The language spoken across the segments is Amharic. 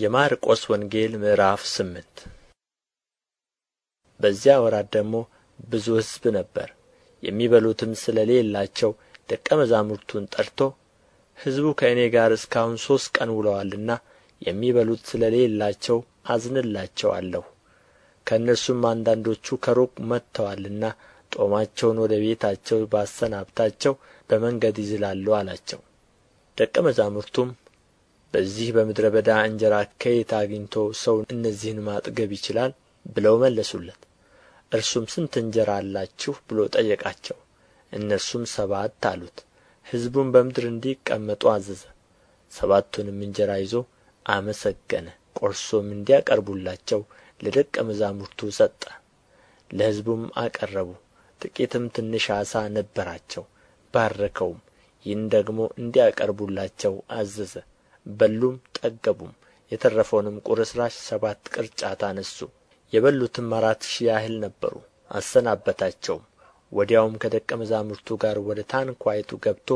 የማርቆስ ወንጌል ምዕራፍ ስምንት በዚያ ወራት ደግሞ ብዙ ሕዝብ ነበር። የሚበሉትም ስለሌላቸው ደቀ መዛሙርቱን ጠርቶ ሕዝቡ ከእኔ ጋር እስካሁን ሦስት ቀን ውለዋልና የሚበሉት ስለሌላቸው አዝንላቸዋለሁ። ከእነርሱም አንዳንዶቹ ከሩቅ መጥተዋልና ጦማቸውን ወደ ቤታቸው ባሰናብታቸው በመንገድ ይዝላሉ አላቸው። ደቀ መዛሙርቱም በዚህ በምድረ በዳ እንጀራ ከየት አግኝቶ ሰው እነዚህን ማጥገብ ይችላል ብለው መለሱለት እርሱም ስንት እንጀራ አላችሁ ብሎ ጠየቃቸው እነርሱም ሰባት አሉት ሕዝቡም በምድር እንዲቀመጡ አዘዘ ሰባቱንም እንጀራ ይዞ አመሰገነ ቆርሶም እንዲያቀርቡላቸው ለደቀ መዛሙርቱ ሰጠ ለሕዝቡም አቀረቡ ጥቂትም ትንሽ ዓሣ ነበራቸው ባረከውም ይህን ደግሞ እንዲያቀርቡላቸው አዘዘ በሉም ጠገቡም የተረፈውንም ቁርስራሽ ሰባት ቅርጫት አነሱ የበሉትም አራት ሺህ ያህል ነበሩ አሰናበታቸውም ወዲያውም ከደቀ መዛሙርቱ ጋር ወደ ታንኳይቱ ገብቶ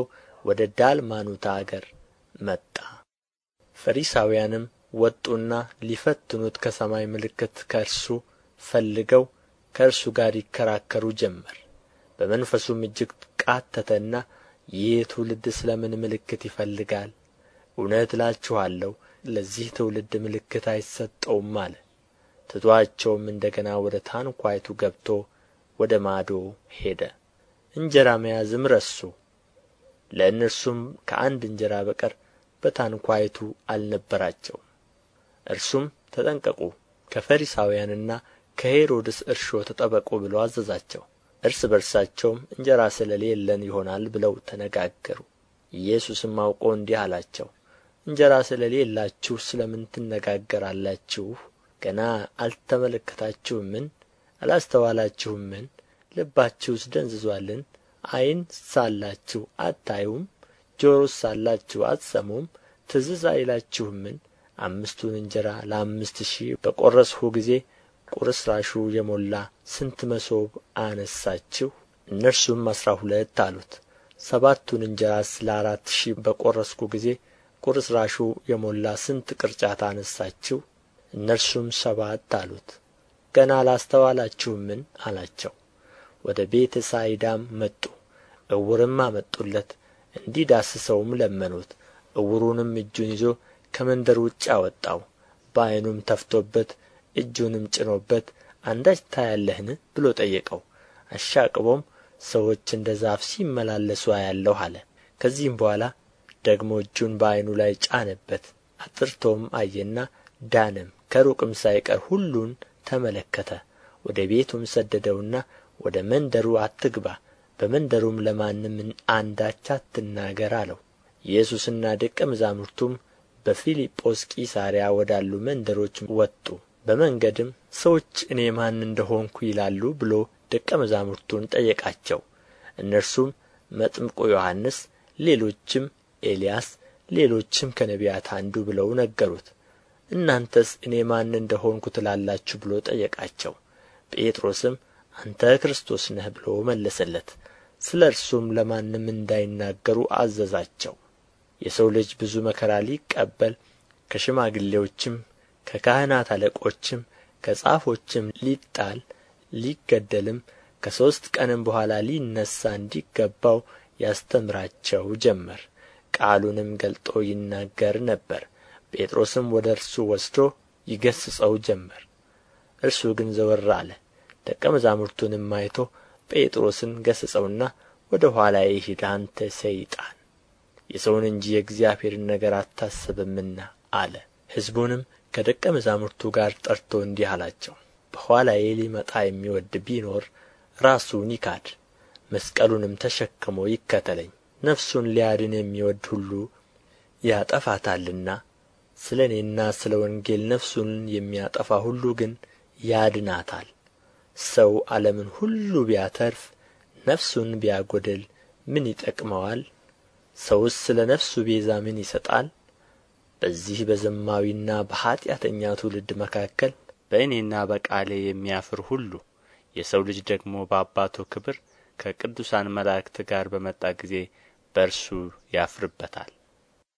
ወደ ዳልማኑታ አገር መጣ ፈሪሳውያንም ወጡና ሊፈትኑት ከሰማይ ምልክት ከእርሱ ፈልገው ከእርሱ ጋር ይከራከሩ ጀመር በመንፈሱም እጅግ ቃተተና ይህ ትውልድ ስለ ምን ምልክት ይፈልጋል እውነት እላችኋለሁ ለዚህ ትውልድ ምልክት አይሰጠውም አለ ትቶአቸውም እንደ ገና ወደ ታንኳይቱ ገብቶ ወደ ማዶ ሄደ እንጀራ መያዝም ረሱ ለእነርሱም ከአንድ እንጀራ በቀር በታንኳይቱ አልነበራቸውም እርሱም ተጠንቀቁ ከፈሪሳውያንና ከሄሮድስ እርሾ ተጠበቁ ብሎ አዘዛቸው እርስ በርሳቸውም እንጀራ ስለሌለን ይሆናል ብለው ተነጋገሩ ኢየሱስም አውቆ እንዲህ አላቸው እንጀራ ስለሌላችሁ ስለ ምን ትነጋገራላችሁ ገና አልተመለከታችሁምን አላስተዋላችሁምን ልባችሁስ ደንዝዟልን? ዓይን ሳላችሁ አታዩም ጆሮስ ሳላችሁ አትሰሙም ትዝስ አይላችሁምን አምስቱን እንጀራ ለአምስት ሺህ በቈረስሁ ጊዜ ቁርስራሹ የሞላ ስንት መሶብ አነሳችሁ? እነርሱም አሥራ ሁለት አሉት ሰባቱን እንጀራስ ለአራት ሺህ በቈረስኩ ጊዜ ቁርስራሹ የሞላ ስንት ቅርጫት አነሳችሁ? እነርሱም ሰባት አሉት ገና አላስተዋላችሁምን አላቸው ወደ ቤተ ሳይዳም መጡ ዕውርም አመጡለት እንዲዳስሰውም ለመኑት ዕውሩንም እጁን ይዞ ከመንደር ውጭ አወጣው በዐይኑም ተፍቶበት እጁንም ጭኖበት አንዳች ታያለህን ብሎ ጠየቀው አሻቅቦም ሰዎች እንደ ዛፍ ሲመላለሱ አያለሁ አለ ከዚህም በኋላ ደግሞ እጁን በዓይኑ ላይ ጫነበት አጥርቶም አየና ዳነም ከሩቅም ሳይቀር ሁሉን ተመለከተ ወደ ቤቱም ሰደደውና ወደ መንደሩ አትግባ በመንደሩም ለማንም አንዳች አትናገር አለው ኢየሱስና ደቀ መዛሙርቱም በፊልጶስ ቂሳርያ ወዳሉ መንደሮች ወጡ በመንገድም ሰዎች እኔ ማን እንደሆንኩ ይላሉ ብሎ ደቀ መዛሙርቱን ጠየቃቸው እነርሱም መጥምቁ ዮሐንስ ሌሎችም ኤልያስ ሌሎችም ከነቢያት አንዱ ብለው ነገሩት እናንተስ እኔ ማን እንደ ትላላችሁ ብሎ ጠየቃቸው ጴጥሮስም አንተ ክርስቶስ ነህ ብሎ መለሰለት ስለ እርሱም ለማንም እንዳይናገሩ አዘዛቸው የሰው ልጅ ብዙ መከራ ሊቀበል ከሽማግሌዎችም ከካህናት አለቆችም ከጻፎችም ሊጣል ሊገደልም ከሦስት ቀንም በኋላ ሊነሣ እንዲገባው ያስተምራቸው ጀመር ቃሉንም ገልጦ ይናገር ነበር ጴጥሮስም ወደ እርሱ ወስዶ ይገሥጸው ጀመር እርሱ ግን ዘወር አለ ደቀ መዛሙርቱንም አይቶ ጴጥሮስን ገሥጸውና ወደ ኋላ ይሂድ አንተ ሰይጣን የሰውን እንጂ የእግዚአብሔርን ነገር አታስብምና አለ ሕዝቡንም ከደቀ መዛሙርቱ ጋር ጠርቶ እንዲህ አላቸው በኋላዬ ሊመጣ የሚወድ ቢኖር ራሱን ይካድ መስቀሉንም ተሸክሞ ይከተለኝ ነፍሱን ሊያድን የሚወድ ሁሉ ያጠፋታልና ስለ እኔና ስለ ወንጌል ነፍሱን የሚያጠፋ ሁሉ ግን ያድናታል ሰው ዓለምን ሁሉ ቢያተርፍ ነፍሱን ቢያጎድል ምን ይጠቅመዋል ሰውስ ስለ ነፍሱ ቤዛ ምን ይሰጣል በዚህ በዘማዊና በኃጢአተኛ ትውልድ መካከል በእኔና በቃሌ የሚያፍር ሁሉ የሰው ልጅ ደግሞ በአባቱ ክብር ከቅዱሳን መላእክት ጋር በመጣ ጊዜ በእርሱ ያፍርበታል